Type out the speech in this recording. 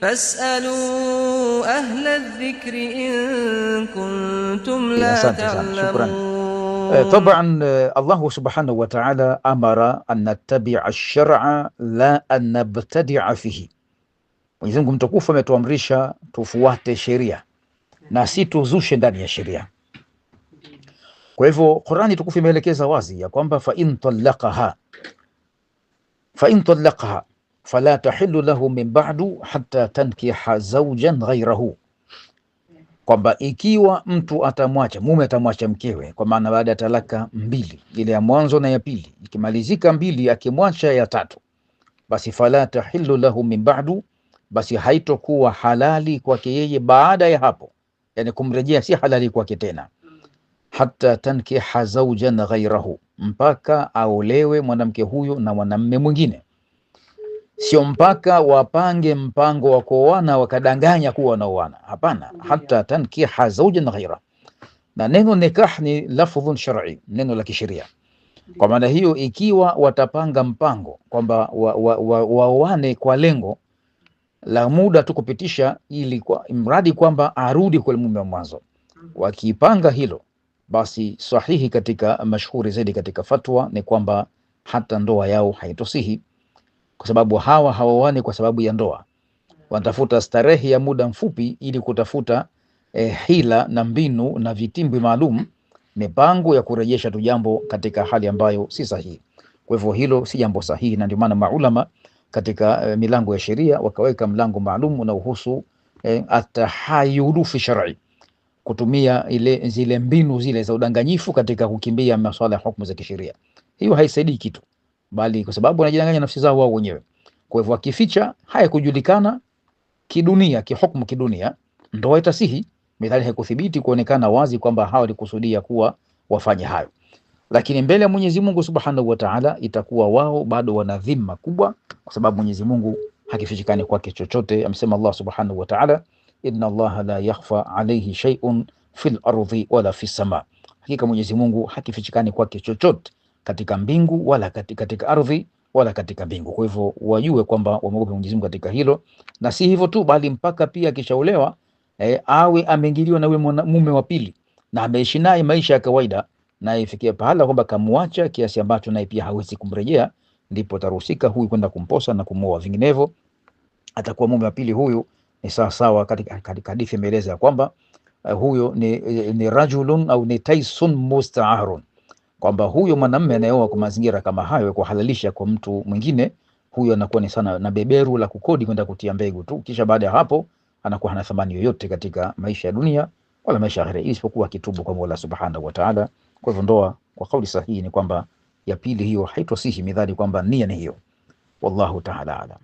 فاسألوا أهل الذكر إن كنتم لا تعلمون شكرا طبعا الله سبحانه وتعالى أمر أن نتبع الشرع لا أن نبتدع فيه Mwenyezi Mungu mtukufu ametuamrisha tufuate sheria na si tuzushe ndani ya sheria. Kwa hivyo Qur'ani tukufu imeelekeza wazi ya kwamba fa in talaqaha fa in talaqaha fala tahillu lahu min ba'du hatta tankiha zawjan ghairahu, kwamba ikiwa mtu atamwacha mume atamwacha mkewe, kwa maana baada ya talaka mbili, ile ya mwanzo na ya pili, ikimalizika mbili, akimwacha ya tatu, basi fala tahillu lahu min ba'du, basi haitokuwa halali kwake yeye baada ya hapo, yani kumrejea si halali kwake tena hatta tankiha zawjan ghairahu, mpaka aolewe mwanamke huyo na mwanamme mwingine Sio mpaka wapange mpango wa kuoana wakadanganya kuwa wanaoana. Hapana, hata tankiha zaujan ghaira. Na neno nikah ni lafdhun shar'i, neno la kisheria. Kwa maana hiyo, ikiwa watapanga mpango kwamba waoane wa, wa, wa kwa lengo la muda tu kupitisha, ili kwa mradi kwamba arudi kwa mume wa mwanzo, wakipanga hilo, basi sahihi katika mashhuri zaidi katika fatwa ni kwamba hata ndoa yao haitosihi kwa sababu hawa hawaoani kwa sababu ya ndoa, wanatafuta starehe ya muda mfupi ili kutafuta eh, hila na mbinu na vitimbi maalum, mipango ya kurejesha tu jambo katika hali ambayo si sahihi. Kwa hivyo hilo si jambo sahihi, na ndio maana maulama katika eh, milango ya sheria wakaweka mlango maalum unaohusu eh, atahayulu fi shar'i kutumia ile zile mbinu zile za udanganyifu katika kukimbia masuala ya hukumu za kisheria. Hiyo haisaidii kitu bali kwa sababu wanajidanganya nafsi zao wao wenyewe. Kwa hivyo akificha haya kujulikana kidunia, kihukumu kidunia, ndoa itasihi, mithali haikuthibiti kuonekana wazi kwamba hao walikusudia kuwa wafanye hayo, lakini mbele ya Mwenyezi Mungu Subhanahu wa Ta'ala itakuwa wao bado wana dhima kubwa, kwa sababu Mwenyezi Mungu hakifichikani kwake chochote. Amesema Allah Subhanahu wa Ta'ala, inna Allah la yakhfa alayhi shay'un fil ardi wala fis sama, hakika Mwenyezi Mungu hakifichikani kwake chochote katika mbingu wala katika katika ardhi wala katika mbingu. Kwa hivyo wajue kwamba wameogopa Mwenyezi Mungu katika hilo, na si hivyo tu, bali mpaka pia akishaolewa e, eh, awe ameingiliwa na yule mume wa pili na ameishi naye maisha ya kawaida, na ifikie pahala kwamba kamuacha kiasi ambacho naye pia hawezi kumrejea, ndipo taruhusika huyu kwenda kumposa na kumuoa, vinginevyo atakuwa mume wa pili huyu. Ni sawa sawa, katika hadithi imeeleza ya kwamba uh, huyo ni, eh, ni rajulun au ni taisun mustaarun kwamba huyo mwanamme anayeoa kwa mazingira kama hayo kuhalalisha kwa mtu mwingine, huyo anakuwa ni sana na beberu la kukodi kwenda kutia mbegu tu, kisha baada ya hapo anakuwa hana thamani yoyote katika maisha ya dunia wala maisha ya akhera, isipokuwa akitubu kwa Mola Subhanahu wa Ta'ala. Kwa hivyo ndoa kwa kauli sahihi ni kwamba ya pili hiyo haitosihi, midhali kwamba nia ni hiyo. Wallahu ta'ala alam.